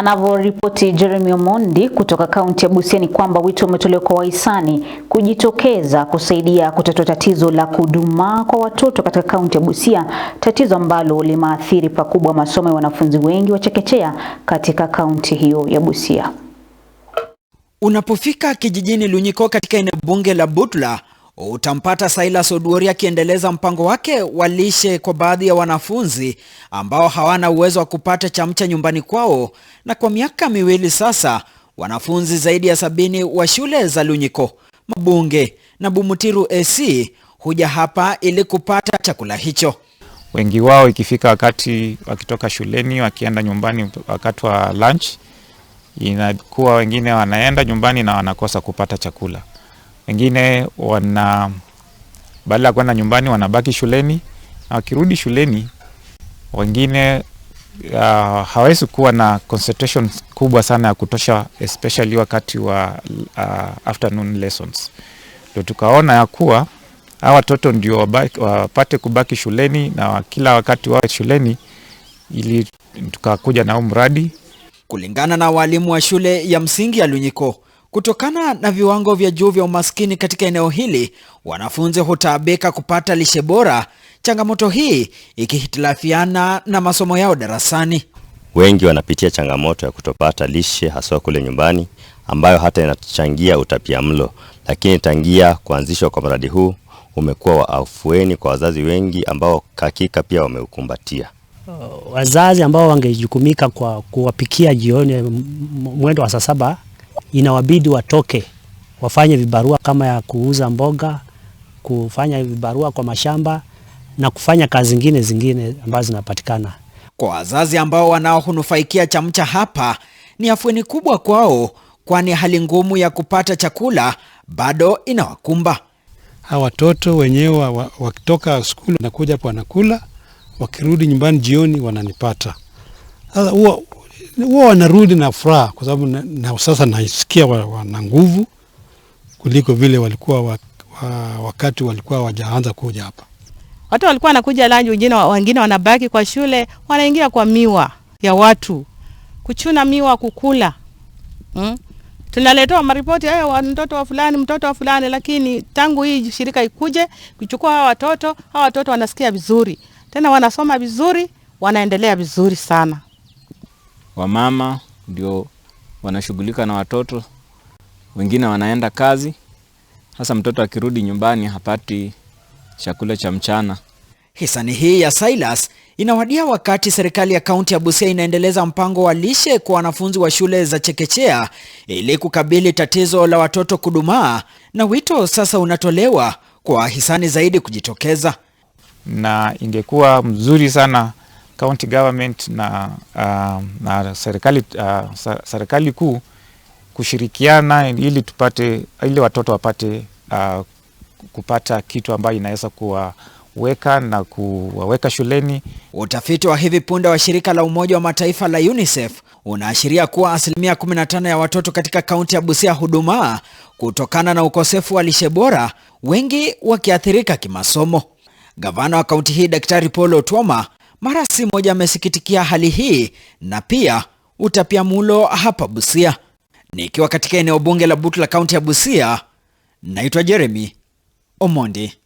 Anavyoripoti Jeremy Omondi kutoka kaunti ya Busia ni kwamba wito umetolewa kwa wahisani kujitokeza kusaidia kutatua tatizo la kudumaa kwa watoto katika kaunti ya Busia, tatizo ambalo limaathiri pakubwa masomo ya wanafunzi wengi wa chekechea katika kaunti hiyo ya Busia. Unapofika kijijini Lunyiko katika eneo bunge la Butula utampata Silas Oduori akiendeleza mpango wake wa lishe kwa baadhi ya wanafunzi ambao hawana uwezo wa kupata chamcha nyumbani kwao, na kwa miaka miwili sasa wanafunzi zaidi ya sabini wa shule za Lunyiko, Mabunge na Bumutiru AC huja hapa ili kupata chakula hicho. Wengi wao ikifika wakati wakitoka shuleni wakienda nyumbani wakati wa lunch, inakuwa wengine wanaenda nyumbani na wanakosa kupata chakula wengine wana baada ya kwenda nyumbani wanabaki shuleni, na wakirudi shuleni wengine uh, hawawezi kuwa na concentration kubwa sana ya kutosha especially wakati wa uh, afternoon lessons. Ndio tukaona ya kuwa hawa watoto ndio wapate kubaki shuleni na kila wakati wawe shuleni, ili tukakuja na huu mradi kulingana na walimu wa shule ya msingi ya Lunyiko Kutokana na viwango vya juu vya umaskini katika eneo hili, wanafunzi hutaabika kupata lishe bora, changamoto hii ikihitilafiana na masomo yao darasani. Wengi wanapitia changamoto ya kutopata lishe haswa kule nyumbani, ambayo hata inachangia utapia mlo, lakini tangia kuanzishwa kwa mradi huu umekuwa wa afueni kwa wazazi wengi ambao hakika pia wameukumbatia. Wazazi ambao wangejukumika kwa kuwapikia jioni mwendo wa saa saba inawabidi watoke wafanye vibarua kama ya kuuza mboga, kufanya vibarua kwa mashamba na kufanya kazi zingine zingine ambazo zinapatikana. Kwa wazazi ambao wanaohunufaikia CHAMCHA hapa ni afueni kubwa kwao, kwani hali ngumu ya kupata chakula bado inawakumba hawa watoto wenyewe. Wakitoka skuli wanakuja hapo wanakula, wakirudi nyumbani jioni wananipata. Sasa huwa huwa wanarudi na furaha kwa sababu na, na sasa naisikia wana nguvu kuliko vile walikuwa wa, wa, wakati walikuwa wajaanza kuja hapa. Watu walikuwa wanakuja lanji, wengine wengine wanabaki kwa shule, wanaingia kwa miwa ya watu kuchuna miwa kukula hmm? Tunaletewa maripoti hayo eh, wa mtoto wa fulani, mtoto wa fulani, lakini tangu hii shirika ikuje kuchukua hawa watoto, hawa watoto wanasikia vizuri tena, wanasoma vizuri, wanaendelea vizuri sana wamama ndio wanashughulika na watoto, wengine wanaenda kazi. Sasa mtoto akirudi nyumbani hapati chakula cha mchana. Hisani hii ya Silas inawadia wakati serikali ya kaunti ya Busia inaendeleza mpango wa lishe kwa wanafunzi wa shule za chekechea ili kukabili tatizo la watoto kudumaa, na wito sasa unatolewa kwa hisani zaidi kujitokeza. Na ingekuwa mzuri sana county government na, uh, na serikali, uh, serikali kuu kushirikiana ili tupate ili watoto wapate uh, kupata kitu ambayo inaweza kuwaweka na kuwaweka shuleni. Utafiti wa hivi punde wa shirika la Umoja wa Mataifa la UNICEF unaashiria kuwa asilimia 15 ya watoto katika kaunti ya Busia hudumaa kutokana na ukosefu wa lishe bora, wengi wakiathirika kimasomo. Gavana wa kaunti hii Daktari Paul Otwoma mara si moja amesikitikia hali hii na pia mulo hapa Busia. Nikiwa katika eneo bunge la Butula, kaunti ya Busia, naitwa Jeremy Omondi.